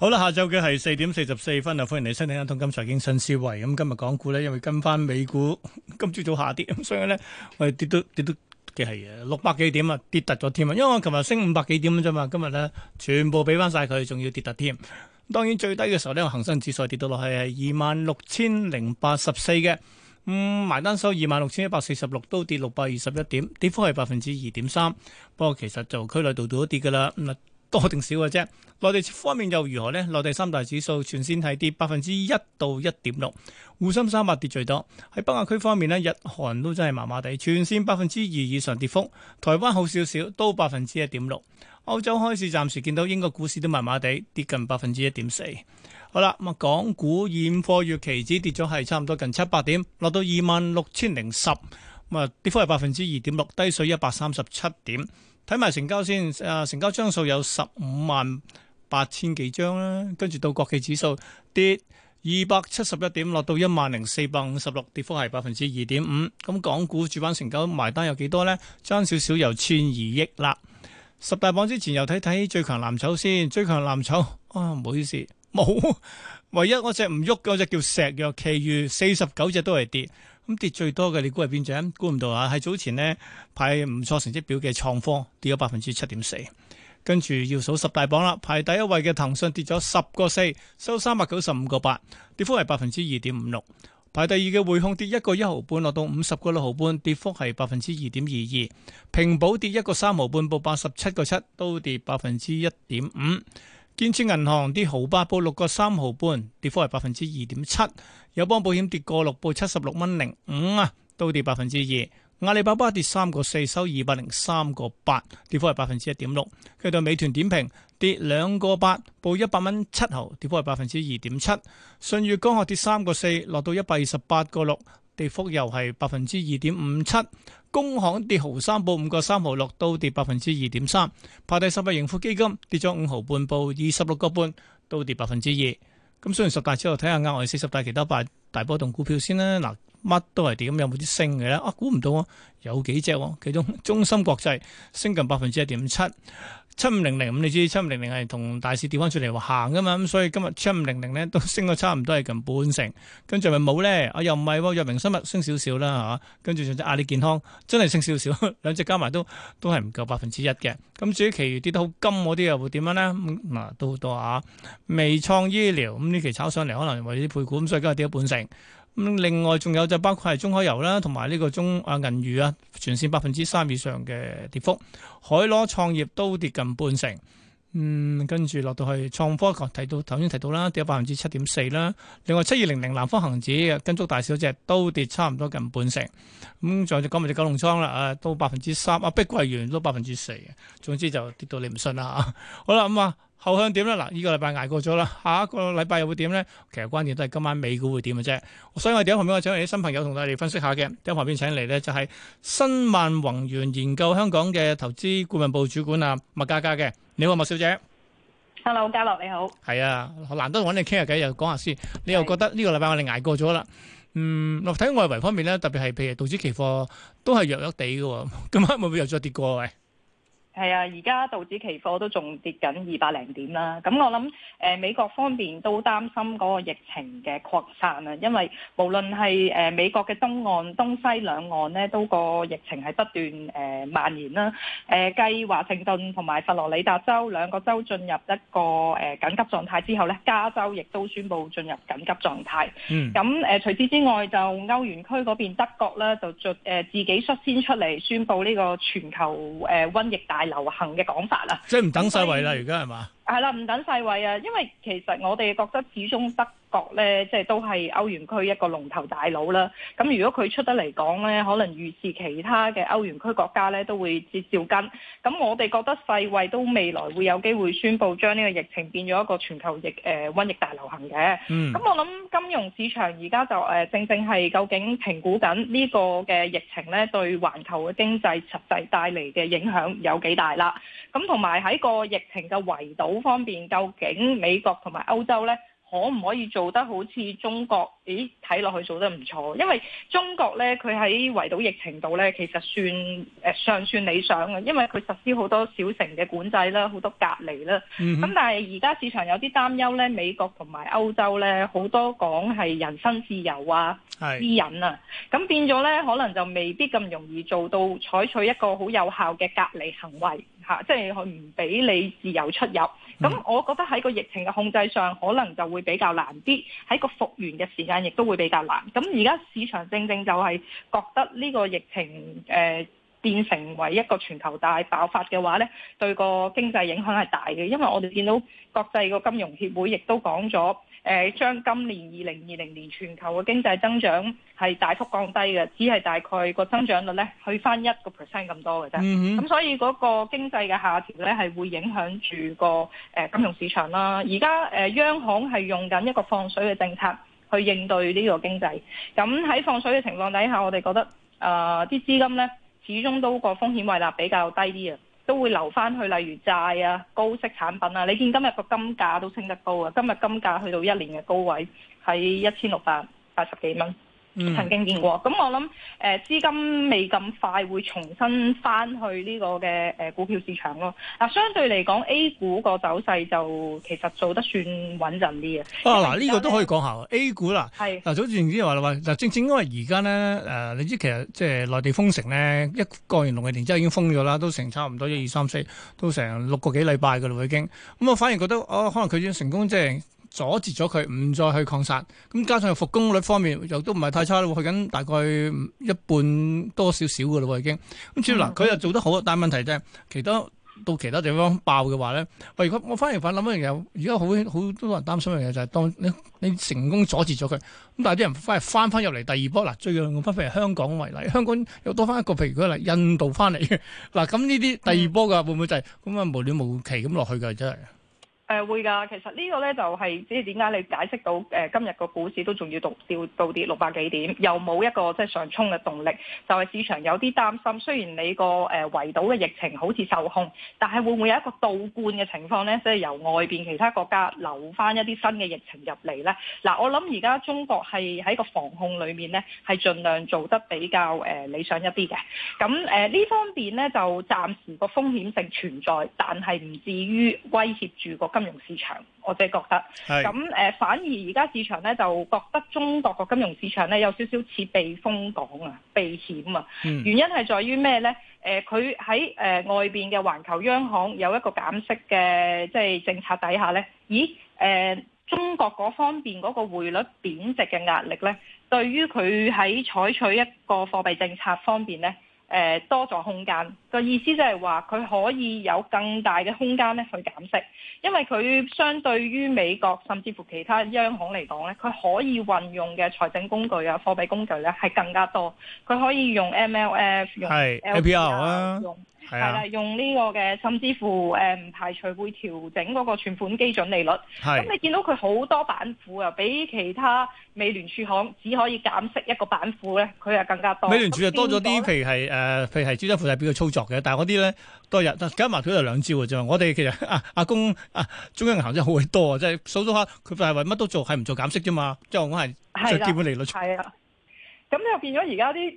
好啦，下晝嘅係四點四十四分啊！歡迎嚟收聽一通金財經新思維。咁今日港股咧，因為跟翻美股，今朝早下跌，咁所以咧，我哋跌到跌到嘅係六百幾點啊，跌突咗添啊！因為我琴日升五百幾點啫嘛，今日咧全部俾翻晒佢，仲要跌突添。當然最低嘅時候咧，恒生指數跌到落係二萬六千零八十四嘅。咁埋單收二萬六千一百四十六，都跌六百二十一點，跌幅係百分之二點三。不過其實就區內度度都跌噶啦。咁啊。多定少嘅、啊、啫，內地方面又如何呢？內地三大指數全線係跌百分之一到一點六，滬深三百跌最多。喺北亞區方面呢，日韓都真係麻麻地，全線百分之二以上跌幅。台灣好少少，都百分之一點六。歐洲開市暫時見到英國股市都麻麻地跌近百分之一點四。好啦，咁啊，港股現貨月期指跌咗係差唔多近七百點，落到二萬六千零十，咁啊，跌幅係百分之二點六，低水一百三十七點。睇埋成交先，啊、呃，成交張數有十五萬八千幾張啦，跟住到國企指數跌二百七十一點，落到一萬零四百五十六，跌幅係百分之二點五。咁港股主板成交埋單有幾多呢？爭少少有千二億啦。十大榜之前又睇睇最強藍籌先，最強藍籌啊，唔好意思，冇，唯一嗰隻唔喐嘅嗰隻叫石藥，其餘四十九隻都係跌。咁跌最多嘅，你估係邊隻？估唔到啊！係早前呢，排唔錯成績表嘅創科跌咗百分之七點四，跟住要數十大榜啦，排第一位嘅騰訊跌咗十個四，收三百九十五個八，跌幅係百分之二點五六。排第二嘅匯控跌一個一毫半，落到五十個六毫半，跌幅係百分之二點二二。平保跌一個三毫半，到八十七個七，都跌百分之一點五。建設銀行豪5，跌毫八報六個三毫半，跌幅係百分之二點七。友邦保險跌過六報七十六蚊零五啊，都跌百分之二。阿里巴巴跌三個四，收二百零三個八，跌幅係百分之一點六。跟住美團點評跌兩個八，報一百蚊七毫，跌幅係百分之二點七。舜宇光學跌三個四，落到一百二十八個六，跌幅又係百分之二點五七，工行跌毫三報五個三毫六都跌百分之二點三，派第十八盈富基金跌咗五毫半，報二十六個半，都跌百分之二。咁雖然十大之後睇下額外四十大其他八大波動股票先啦嗱。乜都係跌，有冇啲升嘅咧？啊，估唔到啊，有幾隻、啊？其中中芯國際升近百分之一點七，七五零零，你知七五零零係同大市跌翻出嚟，話行噶嘛？咁所以今日七五零零咧都升咗差唔多係近半成，跟住咪冇咧？啊，又唔係？藥明生物升少少啦，吓、啊，跟住仲有啲阿里健康真係升少少，兩隻加埋都都係唔夠百分之一嘅。咁至於其餘跌得好金嗰啲又會點樣咧？嗱、嗯啊，都好多啊，微創醫療咁呢期炒上嚟可能為啲配股，咁所以今日跌咗半成。咁另外仲有就包括係中海油啦，同埋呢個中啊銀魚啊，全線百分之三以上嘅跌幅，海螺創業都跌近半成，嗯，跟住落到去創科，提到頭先提到啦，跌咗百分之七點四啦，另外七二零零南方恒指跟足大小隻都跌差唔多近半成，咁仲有隻九萬隻九龍倉啦，啊，都百分之三，啊碧桂園都百分之四，總之就跌到你唔信啦，啊，好啦咁、嗯、啊。後向點咧？嗱，呢個禮拜挨過咗啦，下一個禮拜又會點咧？其實關鍵都係今晚美股會點嘅啫。所以我喺度旁邊請嚟啲新朋友同我哋分析下嘅。喺旁邊請嚟咧就係新萬宏源研究香港嘅投資顧問部主管啊麥嘉嘉嘅。你好，麥小姐。Hello，嘉樂你好。係啊，難得揾你傾下偈又講下先。是你又覺得呢個禮拜我哋挨過咗啦？嗯，嗱，睇外圍方面咧，特別係譬如道指期貨都係弱弱地嘅，今晚會唔會又再跌過？係啊，而家道指期貨都仲跌緊二百零點啦。咁我諗誒美國方面都擔心嗰個疫情嘅擴散啊，因為無論係誒美國嘅東岸、東西兩岸咧，都個疫情係不斷誒蔓延啦。誒繼華盛頓同埋佛羅里達州兩個州進入一個誒緊急狀態之後咧，加州亦都宣布進入緊急狀態。嗯。咁誒除此之外，就歐元區嗰邊德國咧就做誒自己率先出嚟宣佈呢個全球誒瘟疫大流行嘅講法啦，即係唔等世衞啦，而家係嘛？係啦，唔等世衛啊，因為其實我哋覺得始終德國呢，即、就、係、是、都係歐元區一個龍頭大佬啦。咁如果佢出得嚟講呢，可能預示其他嘅歐元區國家呢都會接照跟。咁我哋覺得世衛都未來會有機會宣布將呢個疫情變咗一個全球疫誒瘟、呃、疫大流行嘅。咁、嗯、我諗金融市場而家就誒正正係究竟評估緊呢個嘅疫情呢對環球嘅經濟實際帶嚟嘅影響有幾大啦。咁同埋喺個疫情嘅圍堵方面究竟美國同埋歐洲呢，可唔可以做得好似中國？咦，睇落去做得唔錯，因為中國呢，佢喺圍堵疫情度呢，其實算誒尚、呃、算理想嘅，因為佢實施好多小城嘅管制啦，好多隔離啦。咁、嗯、哼但係而家市場有啲擔憂呢，美國同埋歐洲呢，好多講係人身自由啊、私隱啊，咁是變咗呢，可能就未必咁容易做到採取一個好有效嘅隔離行為吓、啊，即係佢唔俾你自由出入。咁我覺得喺個疫情嘅控制上，可能就會比較難啲；喺個復原嘅時間，亦都會比較難。咁而家市場正正就係覺得呢個疫情誒、呃、變成為一個全球大爆發嘅話呢，對個經濟影響係大嘅，因為我哋見到國際個金融協會亦都講咗。誒將今年二零二零年全球嘅經濟增長係大幅降低嘅，只係大概個增長率咧，去翻一個 percent 咁多嘅啫。咁、mm hmm. 所以嗰個經濟嘅下調咧，係會影響住個誒、呃、金融市場啦。而家誒央行係用緊一個放水嘅政策去應對呢個經濟。咁喺放水嘅情況底下，我哋覺得誒啲資金咧，始終都個風險胃納比較低啲嘅。都會留翻去，例如債啊，高息產品啊。你見今日個金價都升得高啊，今日金價去到一年嘅高位，喺一千六百八十幾蚊。嗯、曾經見過，咁我諗誒資金未咁快會重新翻去呢個嘅誒、呃、股票市場咯。嗱、啊，相對嚟講 A 股個走勢就其實做得算穩陣啲嘅。啊嗱，呢、啊這個都可以講下 A 股啦、啊。係嗱是、啊、早前啲人話啦話，嗱正正因為而家咧誒，你知其實即係內地封城咧，一過完農曆年之後已經封咗啦，都成差唔多一二三四，都成六個幾禮拜噶啦已經。咁、嗯、啊反而覺得哦、啊，可能佢已經成功即、就、係、是。阻截咗佢唔再去擴散，咁加上復工率方面又都唔係太差咯，去緊大概一半多少少噶咯喎已經。咁主要嗱，佢又做得好，但係問題就係其他到其他地方爆嘅話咧，喂，我我反而反諗一樣嘢，而家好好多人擔心嘅嘢就係、係、當你，你成功阻截咗佢，咁但係啲人反而翻翻入嚟第二波嗱，最近我譬如香港為例，香港又多翻一個，譬如佢嚟印度翻嚟嘅嗱，咁呢啲第二波噶會唔會就係咁啊無端無期咁落去噶真係？誒、呃、會㗎，其實個呢個咧就係即係點解你解釋到誒、呃、今日個股市都仲要度跳到，到跌六百幾點，又冇一個即係上衝嘅動力，就係、是、市場有啲擔心。雖然你個誒、呃、圍堵嘅疫情好似受控，但係會唔會有一個倒灌嘅情況咧？即、就、係、是、由外邊其他國家流翻一啲新嘅疫情入嚟咧？嗱、呃，我諗而家中國係喺個防控裏面咧，係盡量做得比較誒、呃、理想一啲嘅。咁誒呢方面咧就暫時個風險性存在，但係唔至於威脅住個金金融是市場，我哋係覺得，咁誒，反而而家市場呢，就覺得中國個金融市場呢，有少少似避風港啊、避險啊。嗯、原因係在於咩呢？誒、呃，佢喺外邊嘅環球央行有一個減息嘅即係政策底下呢，咦？誒、呃，中國嗰方面嗰個匯率貶值嘅壓力呢，對於佢喺採取一個貨幣政策方面呢。誒多咗空間，個意思就係話佢可以有更大嘅空間咧去減息，因為佢相對於美國甚至乎其他央行嚟講咧，佢可以運用嘅財政工具啊、貨幣工具咧係更加多，佢可以用 MLF、用 LPR 啊。係啦，用呢個嘅，甚至乎誒唔排除會調整嗰個存款基準利率。咁的你見到佢好多板斧啊，比其他美聯儲行只可以減息一個板斧咧，佢又更加多。美聯儲就多咗啲，譬如係誒，譬如係朱德富代表嘅操作嘅，但係嗰啲咧，多日加埋佢有兩招嘅啫。我哋其實阿阿公啊，中央銀行真係好鬼多啊，即係數數下，佢係為乜都做，係唔做減息啫嘛，即係我係就調翻利率係啊，咁又變咗而家啲。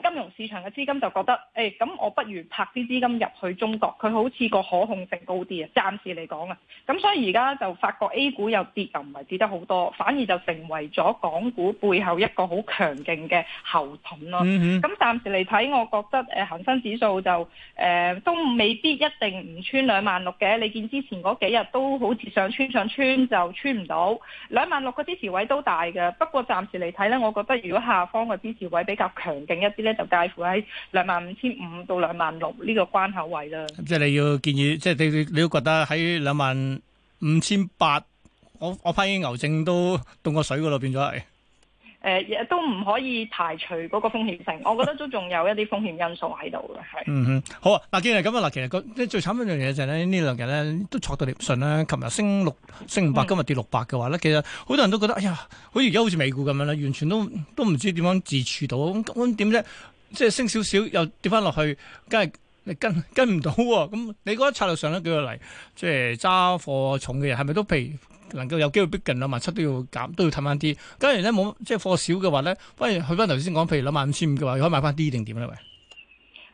金融市場嘅資金就覺得，誒、哎、咁我不如拍啲資金入去中國，佢好似個可控性高啲啊。暫時嚟講啊，咁所以而家就發覺 A 股又跌，又唔係跌得好多，反而就成為咗港股背後一個好強勁嘅後盾咯。咁暫、嗯嗯、時嚟睇，我覺得誒恆、呃、生指數就誒、呃、都未必一定唔穿兩萬六嘅。你見之前嗰幾日都好似上穿上穿就穿唔到，兩萬六個支持位都大嘅。不過暫時嚟睇呢，我覺得如果下方嘅支持位比較強勁一啲。就介乎喺兩萬五千五到兩萬六呢個關口位啦。即係你要建議，即係你你都覺得喺兩萬五千八，我我批牛證都凍過水嗰度變咗係。誒、亦、呃、都唔可以排除嗰個風險性，我覺得都仲有一啲風險因素喺度嘅，係。嗯嗯，好啊，嗱，既然咁啊，嗱，其實即係最慘一樣嘢就係、是、咧，呢兩日咧都挫到你唔順啦。琴日升六升五百、嗯，今日跌六百嘅話咧，其實好多人都覺得，哎呀，好似而家好似美股咁樣啦，完全都都唔知點樣自處到，咁點啫？即係升少少又跌翻落去，梗係、嗯、你跟跟唔到喎。咁你覺得策略上咧，舉個例，即係揸貨重嘅人，係咪都被？能夠有機會逼近兩萬七都要減，都要褪翻啲。假如咧冇即係貨少嘅話咧，不如去翻頭先講，譬如兩萬五千五嘅話，又可以買翻啲定點咧喂。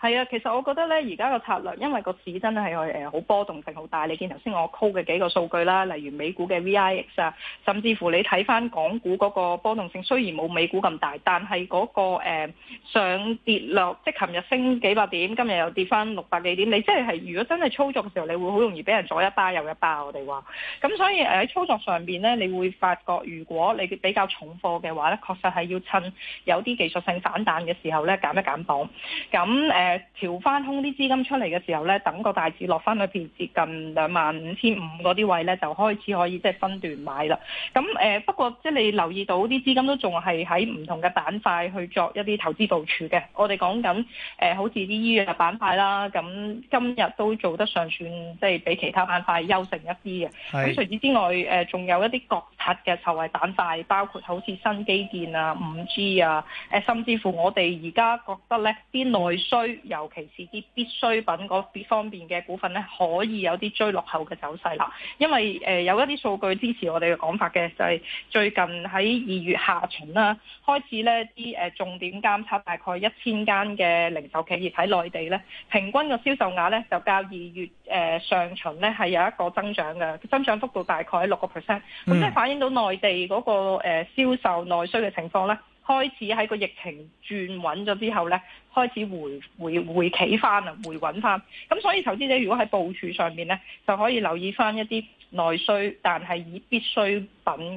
係啊，其實我覺得咧，而家個策略，因為個市真係係誒好波動性好大。你見頭先我 call 嘅幾個數據啦，例如美股嘅 VIX 啊，甚至乎你睇翻港股嗰個波動性，雖然冇美股咁大，但係嗰個、呃、上跌落，即係琴日升幾百點，今日又跌翻六百幾點。你即係係如果真係操作嘅時候，你會好容易俾人左一巴右一巴。我哋話，咁所以誒喺操作上邊咧，你會發覺如果你比較重貨嘅話咧，確實係要趁有啲技術性反彈嘅時候咧，減一減磅。咁誒。呃調翻空啲資金出嚟嘅時候咧，等個大市落翻到接近兩萬五千五嗰啲位咧，就開始可以即係分段買啦。咁誒不過即係你留意到啲資金都仲係喺唔同嘅板塊去作一啲投資部署嘅。我哋講緊誒好似啲醫藥板塊啦，咁今日都做得上算，即係比其他板塊優勝一啲嘅。咁是除此之外誒，仲、呃、有一啲國策嘅受惠板塊，包括好似新基建啊、五 G 啊，誒甚至乎我哋而家覺得咧啲內需。尤其是啲必需品嗰啲方面嘅股份咧，可以有啲追落後嘅走勢。啦。因為誒、呃、有一啲數據支持我哋嘅講法嘅，就係、是、最近喺二月下旬啦、啊，開始咧啲誒重點監測大概一千間嘅零售企業喺內地咧，平均嘅銷售額咧就較二月誒、呃、上旬咧係有一個增長嘅，增長幅度大概喺六個 percent。咁、嗯、即係反映到內地嗰個、那個、呃、銷售內需嘅情況咧。開始喺個疫情轉穩咗之後咧，開始回回回企翻啦，回穩翻。咁所以投資者如果喺部署上面咧，就可以留意翻一啲內需，但係以必需品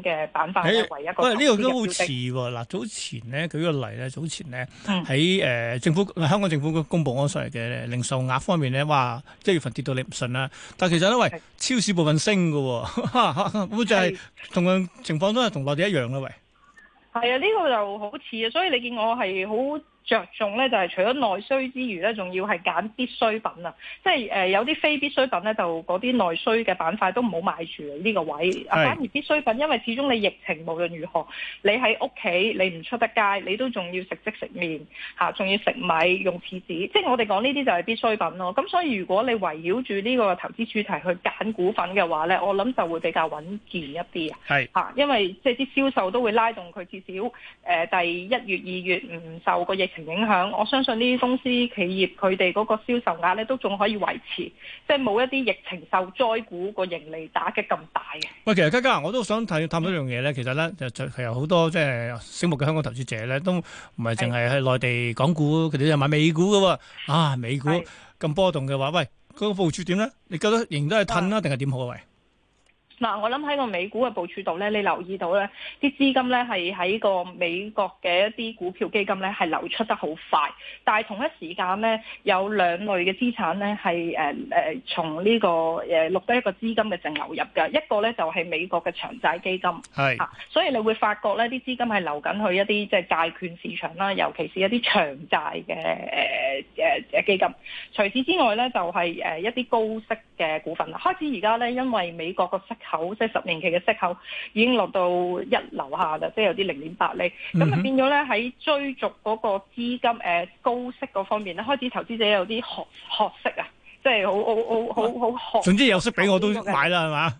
嘅板塊為一個、啊、喂，呢、這個都好遲喎。嗱、啊，早前咧舉個例咧，早前咧喺誒政府香港政府公公布安上嚟嘅零售額方面咧，哇！一月份跌到你唔信啦。但係其實因為超市部分升㗎喎，會就係同個情況都係同內地一樣啦，喂。係啊，呢個就好似啊，所以你見我係好着重咧就係、是、除咗內需之餘咧，仲要係揀必需品啊！即係誒、呃、有啲非必需品咧，就嗰啲內需嘅板塊都唔好買住啊！呢、呢個位是反而必需品，因為始終你疫情無論如何，你喺屋企你唔出得街，你都仲要食即食麵嚇，仲、啊、要食米用廁紙，即係我哋講呢啲就係必需品咯。咁所以如果你圍繞住呢個投資主題去揀股份嘅話咧，我諗就會比較穩健一啲是啊！係嚇，因為即係啲銷售都會拉動佢，至少誒、呃、第一月二月唔受個疫影響，我相信呢啲公司企業佢哋嗰個銷售額咧都仲可以維持，即係冇一啲疫情受災股個盈利打擊咁大嘅。喂，其實嘉嘉，我都想探討一樣嘢咧，其實咧就係有好多即係醒目嘅香港投資者咧，都唔係淨係喺內地港股，佢哋就買美股嘅喎。啊，美股咁波動嘅話，喂，嗰、嗰個佈局點咧？你覺得仍都係㩒啦定係點好啊？喂？嗱，我諗喺個美股嘅部署度咧，你留意到咧，啲資金咧係喺個美國嘅一啲股票基金咧係流出得好快，但係同一時間咧有兩類嘅資產咧係誒誒從呢個誒錄得一個資金嘅淨流入嘅，一個咧就係美國嘅長債基金，係啊是，所以你會發覺咧啲資金係流緊去一啲即係債券市場啦，尤其是一啲長債嘅誒誒誒基金。除此之外咧就係誒一啲高息嘅股份啦。開始而家咧因為美國個息息口即係十年期嘅息口已經落到一流下啦，即係有啲零點八厘。咁啊、嗯、哼變咗咧喺追逐嗰個資金誒、呃、高息嗰方面咧，開始投資者有啲學學識啊，即係好好好好好學，總之有息俾我都買啦，係嘛、啊？的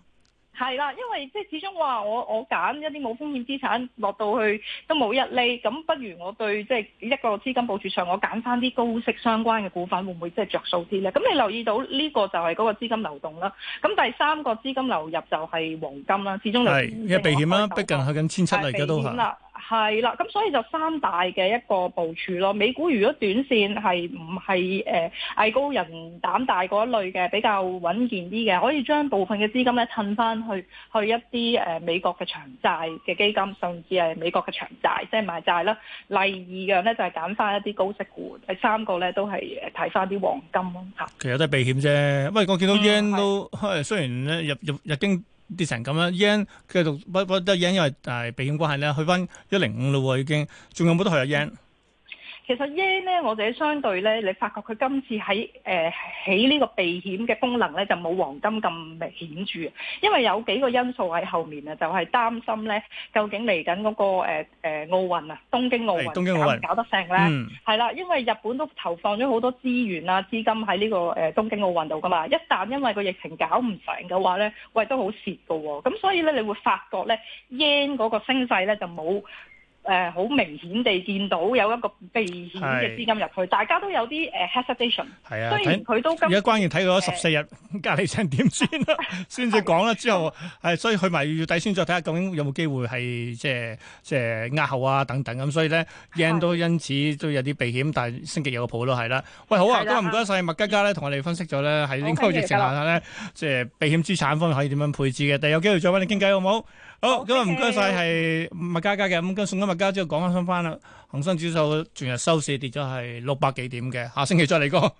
係啦， 因為即係始終話我我揀一啲冇風險資產落到去都冇一釐，咁、嗯、不如我對即係一個資金部署上，我揀返啲高息相關嘅股份會唔會即係着數啲咧？咁、嗯、你留意到呢、呢個就係嗰個資金流動啦。咁、嗯、第三個資金流入就係黃金啦。始終係因為避險啦，逼近係緊千七嚟嘅都係。係啦，咁所以就三大嘅一個部署咯。美股如果短線係唔係誒藝高人膽大嗰一類嘅比較穩健啲嘅，可以將部分嘅資金咧褪翻去去一啲誒、呃、美國嘅長債嘅基金，甚至係美國嘅長即賣債即係買債啦。第二樣咧就係揀翻一啲高息股，第三個咧都係誒睇翻啲黃金咯嚇。其實都係避險啫。喂，我見到 Yen、嗯、都雖然咧入入入經。入跌成咁樣，yen 繼續不不得 yen，因為誒避險關係咧，去翻一零五嘞喎已經，仲有冇得去啊 yen？其實 yen 咧，我自己相對咧，你發覺佢今次喺誒、呃、起呢個避險嘅功能咧，就冇黃金咁明顯住。因為有幾個因素喺後面啊，就係、是、擔心咧，究竟嚟緊嗰個誒誒奧運啊，東京奧運、東京奧運搞唔搞得成咧？係啦、嗯，因為日本都投放咗好多資源啊、資金喺呢、這個誒、呃、東京奧運度㗎嘛，一旦因為個疫情搞唔成嘅話咧，喂都好蝕㗎喎，咁所以咧你會發覺咧 yen 嗰個聲勢咧就冇。誒，好、uh, 明顯地見到有一個避險嘅資金入去，大家都有啲誒、uh, hesitation。係 啊，雖然佢都而家關鍵睇到十四日隔離成點先啦，先至講啦。 之後係 是所以去埋月底先，再睇下究竟有冇機會係即係即係壓後啊等等咁。所以咧 yen 都因此都有啲避險，但係升極有個譜都係啦。喂，好啊，今日唔該曬麥嘉嘉咧，同我哋分析咗咧喺疫情下咧，即係避險資產方面可以點樣配置嘅。第日有機會再揾你傾偈好唔好？Mm hmm. 好，咁啊唔該曬，係麥嘉嘉嘅。咁跟送咗麥嘉之後，講翻翻啦。恒生指數全日收市跌咗係六百幾點嘅，下星期再嚟過。